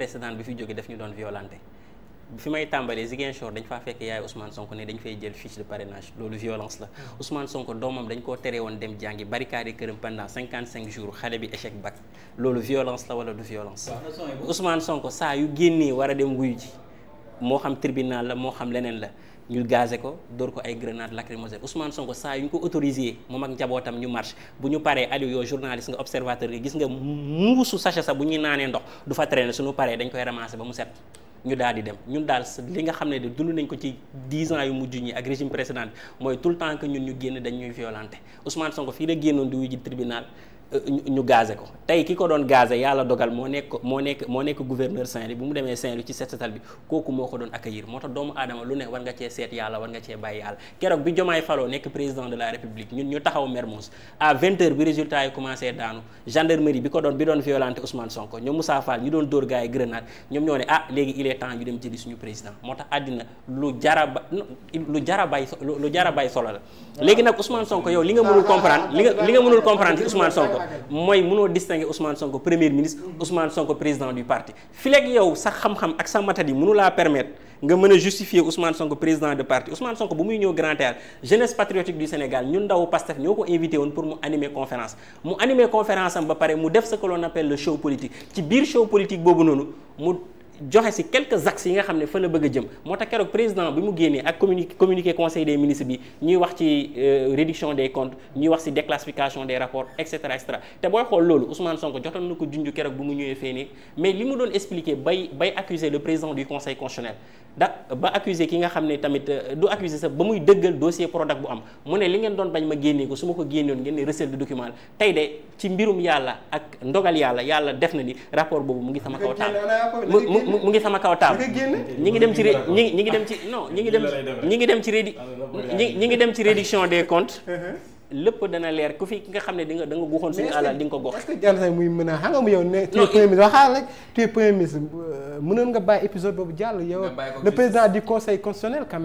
précédent bi fi jóge daf ñu doon violenté fi tàmbalee Ziguinchor dañ faa fekk yaay Ousmane Sonko ne dañ fay jël fiche de parrainage loolu violence la mm. Ousmane Sonko doomam dañ koo tere woon dem jàngi barricade këram pendant cinquante cinq jours xale bi échec bac loolu violence la wala du violence Ousmane Sonko saa yu génnee war dem wuyu ji moo xam tribunal la moo xam leneen la ñu gazé ko dóor ko ay grenade lacrymogène Ousmane Sonko saa yu ñu ko autorisé moom ak njabootam ñu marche bu ñu paree Aliou yow journaliste nga observateur yi gis nga muusu sachet sa bu ñuy naanee ndox du fa traîner suñu paree dañ koy ramasser ba mu set ñu daal di dem ñun daal li nga xam ne de dund nañ ko ci 10 ans yu mujj ñi ak régime précédent mooy tout le temps que ñun ñu génn dañ ñuy violenté Ousmane Sonko fii la génnoon di ñu gazé ko tey ki ko doon gazé yàlla dogal moo nekk moo nekk moo nekk gouverneur Saint-Louis mu demee Saint-Louis ci setsetal bi kooku moo ko doon accueillir moo tax doomu aadama lu ne war nga cee seet yàlla war nga cee bàyyi yàlla keroog bi Diomaye faloo nekk président de la république ñu taxaw Mermoz à 20 bi résultat yi commencé daanu gendarmerie bi ko doon bi doon violenté Ousmane Sonko ñoom Moussa Fall ñu doon dóor gars yi ñoom ñoo ne ah léegi ba lu la léegi ko mooy mënoo distinguer Ousmane Sonko premier ministre Ousmane Sonko président du parti fileeg yow sa xam-xam ak sa matat yi mënu laa permettre nga mën a justifier Ousmane Sonko président de parti Ousmane Sonko bu muy ñëw Grand Théâtre jeunesse patriotique du Sénégal ñun ndaw Pastef ñoo ko invité woon pour mu animer conférence mu animer conférence am ba pare mu def ce que l'on appelle show politique ci biir show politique boobu noonu mu joxe si quelques axes yi nga xam ne fa la bëgg a jëm moo tax keroog président bi mu génnee ak communiqué communiqué conseil des ministres bi ñuy wax ci euh, réduction des comptes ñuy wax si déclassification des rapports et cetera et cetera te booy xool loolu Ousmane Sonko jotoon na ko junj keroog bu mu ñëwee fee nii mais li mu doon expliquer bay bay accuser le président du conseil constitutionnel da ba accuser ki nga xam ne tamit euh, du accuser sax ba muy dëggal dossier Prodac bu am mu ne li ngeen doon bañ ma génnee ko su ma ko génnewoon ngeen ne recel de document la tey de ci mbirum yàlla ak ndogal yàlla yàlla def na ni rapport boobu mu ngi sama kaw taab mu ngi sama kaw taab ñi ngi dem ci ré ñi ñi ngi dem ci no ñi ngi dem ñi ngi dem ci rédi ñi ngi dem ci réduction des comptes uh-huh. lépp dana leer ku fi ki nga xam ne di nga da nga guxoon suñu alal di nga ko gox est-ce que jar na muy mën a xam ne tu premier ministre waxaal euh, rek nga bàyyi épisode boobu jàll le président du conseil constitutionnel quand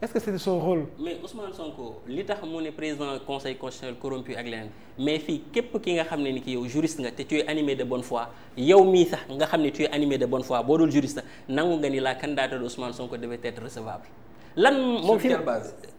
est-ce que c'est son rôle mais Ousmane Sonko li tax mu ne président conseil constitutionnel corrompu ak leneen mais fii képp ki nga xam ne ni ki yow juriste nga te tu es animé de bonne foi yow mii sax nga xam ne tu es animé de bonne foi boo dul juriste nangu nga ni lan moom fi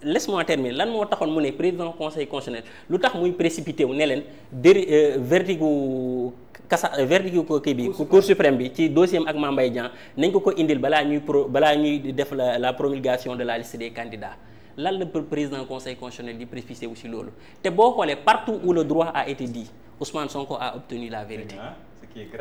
laisse-moi lan moo taxoon mu ne président conseil constitutionnel lu tax muy précipité wu ne leen déri euh, vertigu kasa euh, vertigu ko kii bi cour suprême bi ci dossier ak Mame Mbaye nañ ko ko indil balaa ñuy pro balaa ñuy def la la promulgation de la liste des candidats lan la président conseil constitutionnel di précipité wu si loolu te boo xoolee partout où le droit a été dit Ousmane Sonko a obtenu la vérité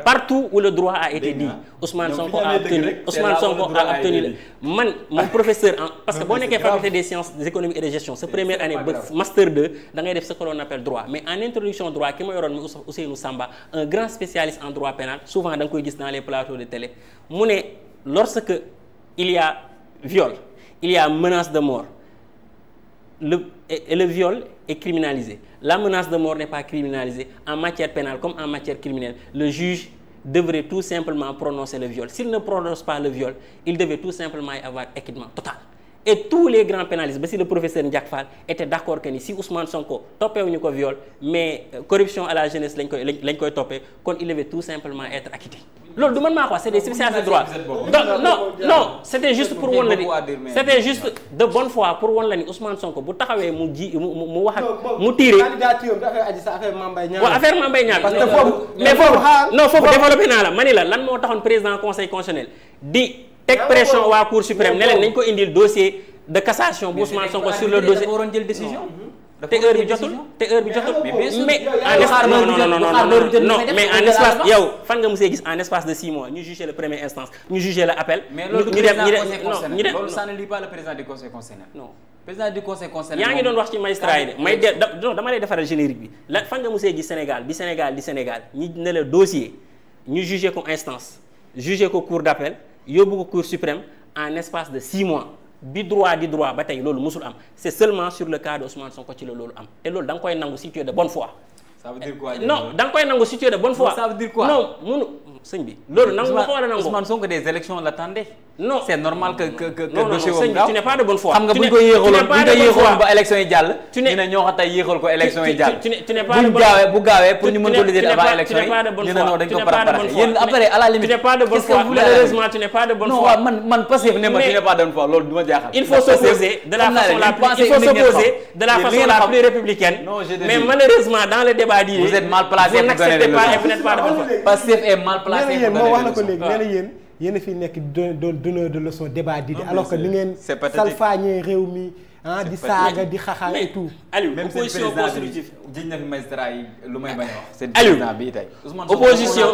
partout où le droit a été dit Ousmane Sonko a obtenu Ousmane Sonko a obtenu man mon professeur parce que boo nekkee faculté des sciences économiques et de gestion sa première année ba master 2 da ngay def ce que droit mais en introduction droit ki ma yoroon mi Ousseynou Samba un grand spécialiste en droit pénal souvent dans les plateaux de télé mu ne lorsque il y a viol il y a menace de mort le, et le viol est criminalisé. La menace de mort n'est pas criminalisée. En matière pénale comme en matière criminelle, le juge devrait tout simplement prononcer le viol. S'il ne prononce pas le viol, il devait tout simplement y avoir équipement total. Et tous les grands pénalistes, si le professeur Ndiak était d'accord que si Ousmane Sonko topé ou viol, mais euh, corruption à la jeunesse, il devait tout simplement être loolu du man maa ko wax c'est des spécialistes de droit donc non non c'était juste pour won la ni c'était juste de bonne foi pour won la ni Ousmane Sonko bu taxawee mu ji mu mu wax mu tiiree waaw affaire Mame Mbaye Niang mais foofu non foofu développé naa la ma ni la lan moo taxoon président conseil constitutionnel di teg pression waa cour suprême ne leen nañ ko indil dossier de cassation bu Ousmane Sonko sur le dossier te heure bi jotul te heure bi jotul mais en espace non yow fan nga musee gis en espace de six mois ñu jugé la première instance ñu jugé la appel. ñu def ñu def non ñu def loolu ngi doon wax ci magistrat yi de may de dama lay defaral générique bi la fan nga musee gis Sénégal bi Sénégal di Sénégal ñi ne la dossier ñu jugé ko instance jugé ko cour d' yóbbu ko cour suprême en espace de six mois. bi droit di droit ba tey loolu musul am c'est seulement sur le cas de Ousmane Sonko ci la loolu am te loolu da koy nangu si de bonne foi. non da koy nangu si de bonne foi. non munu. sëñ bi loolu nangu nga ko war a nangu Ousmane Sonko des élections l'attendait non c'est normal que que que dossier boobu gaaw tu n'es pas de bonne foi xam nga bu ñu ko yéexaloon bu ñu ko yéexaloon ba élection yi jàll ñu ne ñoo xam tey yéexal ko élection yi jàll bu gaawee bu gaawee pour ñu mën ko liggéey avant élection yi ñu ne non dañ ko préparé yéen après à la limite tu n'es pas de bonne foi malheureusement tu n'es pas de bonne foi non man man passif ne ma tu n'es pas de bonne foi loolu du ma jaaxal il faut s'opposer de la façon la plus il faut s'opposer de la façon la plus républicaine mais malheureusement dans le débat d'hier vous êtes mal placé vous n'acceptez pas et vous n'êtes pas de bonne foi passif est mal placé passé nee na yéen moo wax na ko léegi nee na yéen yéen a fi nekk doon donneur de leçon débat di alors que li ngeen salfaañee réew mi ah di saaga di xaxaal et opposition président bi tey opposition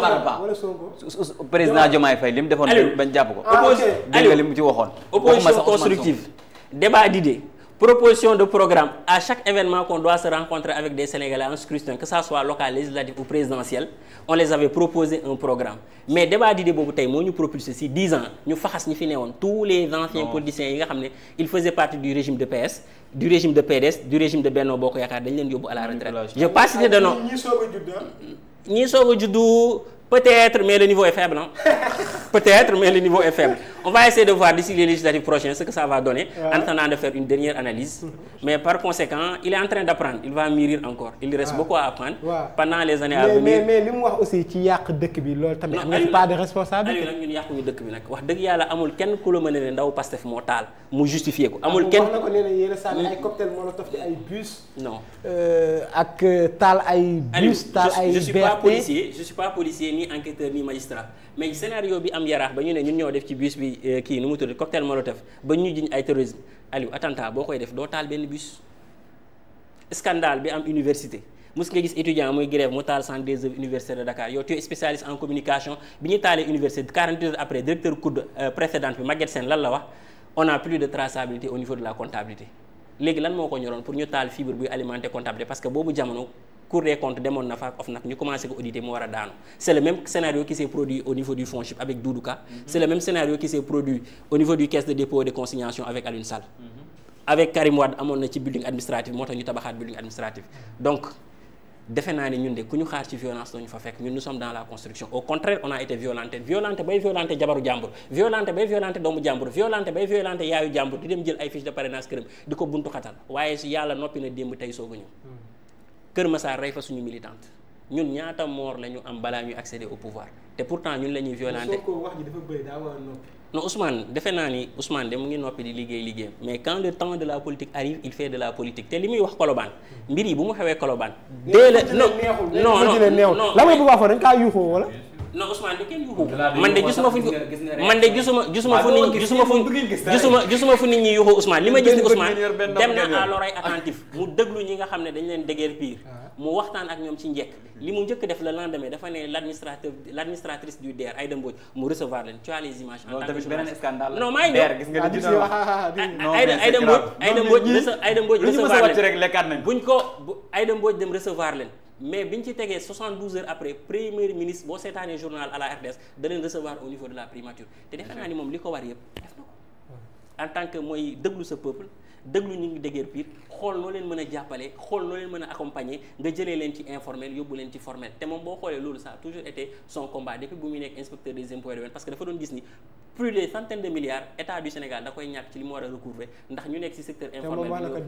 président Diomaye Faye li mu defoon bañ jàpp ko ah, opposition dégg nga li mu ci waxoon opposition constructive débat d'idées proposition de programme à chaque événement qu'on doit se rencontrer avec des Sénégalais en scrutin que ça soit local législatif ou présidentiel on les avait proposé un programme mais débat d'idée boobu tey moo ñu propulsé si 10 ans ñu faxas ñi fi newoon tous les anciens politiciens yi nga xam ne ils faisaient partie du régime de PS du régime de PDS du régime de Benno Bokk Yaakaar dañ leen yóbbu à la retraite je passe de nom ñii soog juddu Peut-être, mais le niveau est faible. Hein? peut mais le niveau est faible. On va essayer de voir d'ici les législatives ce que ça va donner, en attendant de faire une dernière analyse. Mhm. Mais par conséquent, il est en train d'apprendre. Il va mûrir encore. Il reste beaucoup à pendant les années à venir. li mu wax aussi ci yàq dëkk bi loolu tamit. am pas de responsabilité nag ñun yàquñu dëkk bi nag wax dëgg yàlla amul kenn ku a ne ah, na ko nee a ni enquêteur ni magistrat mais scénario bi am yaraax ba ñu ne ñun ñoo def ci bus bi euh, kii nu mu tudd cocktail molotov ba ñu jiñ ay terrorisme Aliou attentat boo koy def doo taal benn bus scandale bi am université mus nga gis étudiant muy grève mu taal centre des œuvres université de Dakar yow tu spécialiste en communication bi ñu taalee université 40 après directeur COUD euh, précédente bi Maguette Sène lan la wax on a plus de traçabilité au cour des demoon na fa ak OFNAC ñu commencé ko auditer mu war a daanu c' le même scénario qui s' produit au niveau du FONGIP avec Doudou Ka. Mm-hmm. le même scénario qui s' produit au niveau du caisse de dépôt de consignation avec Alioune Sall. Mm-hmm. avec Karim amoon na ci building administratif moo tax ñu tabaxaat building administratif donc. defe naa ne ñun de ku ñu xaar ci violence doo ñu fa fekk ñun nous sommes dans la construction au contraire on a Kër Massar rey fa suñu militante ñun ñaata moor la am balaa ñuy accéder au pouvoir te pourtant ñun la ñuy violenter wax a noppi defe naa ni Ousmane de mu ngi noppi di liggéey liggéeyam mais quand le temps de la politique arrive il fait de la politique te li muy wax Colobane mbir yi bu mu xewee Colobane dès le non non non la ma bëgg a wax dañ kaa yuuxoo wala non Ousmane du kenn yuuxu man de gisuma fu ñu man fu nit ñi yuuxu Ousmane li ma gis ni Ousmane dem na à l'oreille attentive mu déglu ñi nga xam ne dañ leen dégeer pire ah. mu waxtaan ak ñoom ci njekk li mu njëkk def le lendemain dafa ne l'administrateur l'administratrice du DER Aïda Mbodj mu recevoir leen tu as les images en tant que non maa ngi Aïda Mbodj Aïda Mbodj Aïda Mbodj recevoir leen buñ ko Aïda Mbodj dem recevoir leen mais bi ñu ci tegee 72 heures après premier ministre boo seetaanee journal à la RTS da leen recevoir au niveau de la primature te defe ni moom li ko war yëpp en tant que mooy déglu sa peuple déglu ñu ngi déggeer piir xool noo leen mën a jàppale xool noo leen mën a accompagner nga jëlee leen ci informel yóbbu leen ci formel te moom boo xoolee loolu ça a toujours été son combat depuis bu muy nekk inspecteur des impôts de centaines na ko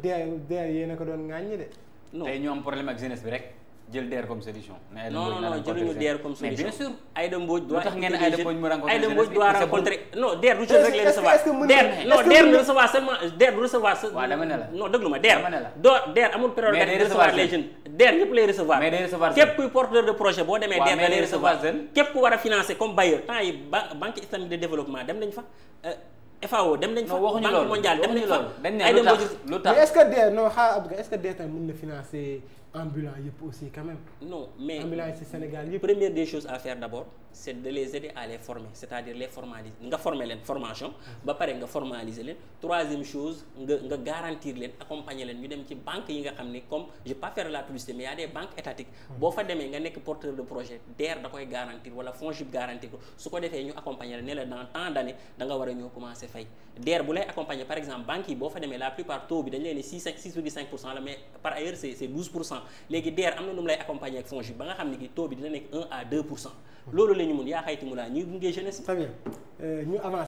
DRD yéen a ko doon ŋàññi de. jël DER comme solution. mais non non jëluñu DER comme solution mais bien sûr. Aïda Mbodj doit tax ngeen Aïda Mbodj mu rencontré Aïda Mbodj doit rencontrer non DER du jël rek lay recevoir. DER non DER du recevoir seulement DER du recevoir. waaw dama ne la non déglu ma DER. dama ne la doo DER amul prérogative de recevoir les jeunes. DER ñëpp lay recevoir. mais day recevoir képp kuy porteur de projet boo demee. DER da lay recevoir képp ku war a financer comme bailleur. temps yi banque islamique de développement dem nañ fa. Euh, FAO dem nañ fa banque mondiale dem nañ fa. dañ ne lu tax lu tax mais est-ce que DER non xaaral Abdou est-ce que DER tamit mën na financer ambulants yëpp aussi quand même. mais première des choses à faire d' abord de les aider à les former c' à dire les formaliser nga former leen formation. ba pare nga formaliser leen troisième chose nga nga garantir leen accompagner leen ñu dem ci banque yi nga xam ne comme je pas faire la publicité mais y a des banques boo fa demee nga nekk porteur de projet DER da koy garantir wala FONGIP garantir ko su ko defee ñu accompagner la ne la d' léegi DER am na nu lay accompagner ak FONGIP ba nga xam ne ki taux bi dina nekk 1 à 2 pour cent loolu la mun yaa xayti mu laa ñuy gunge jeunesse. très bien euh, ñu avancer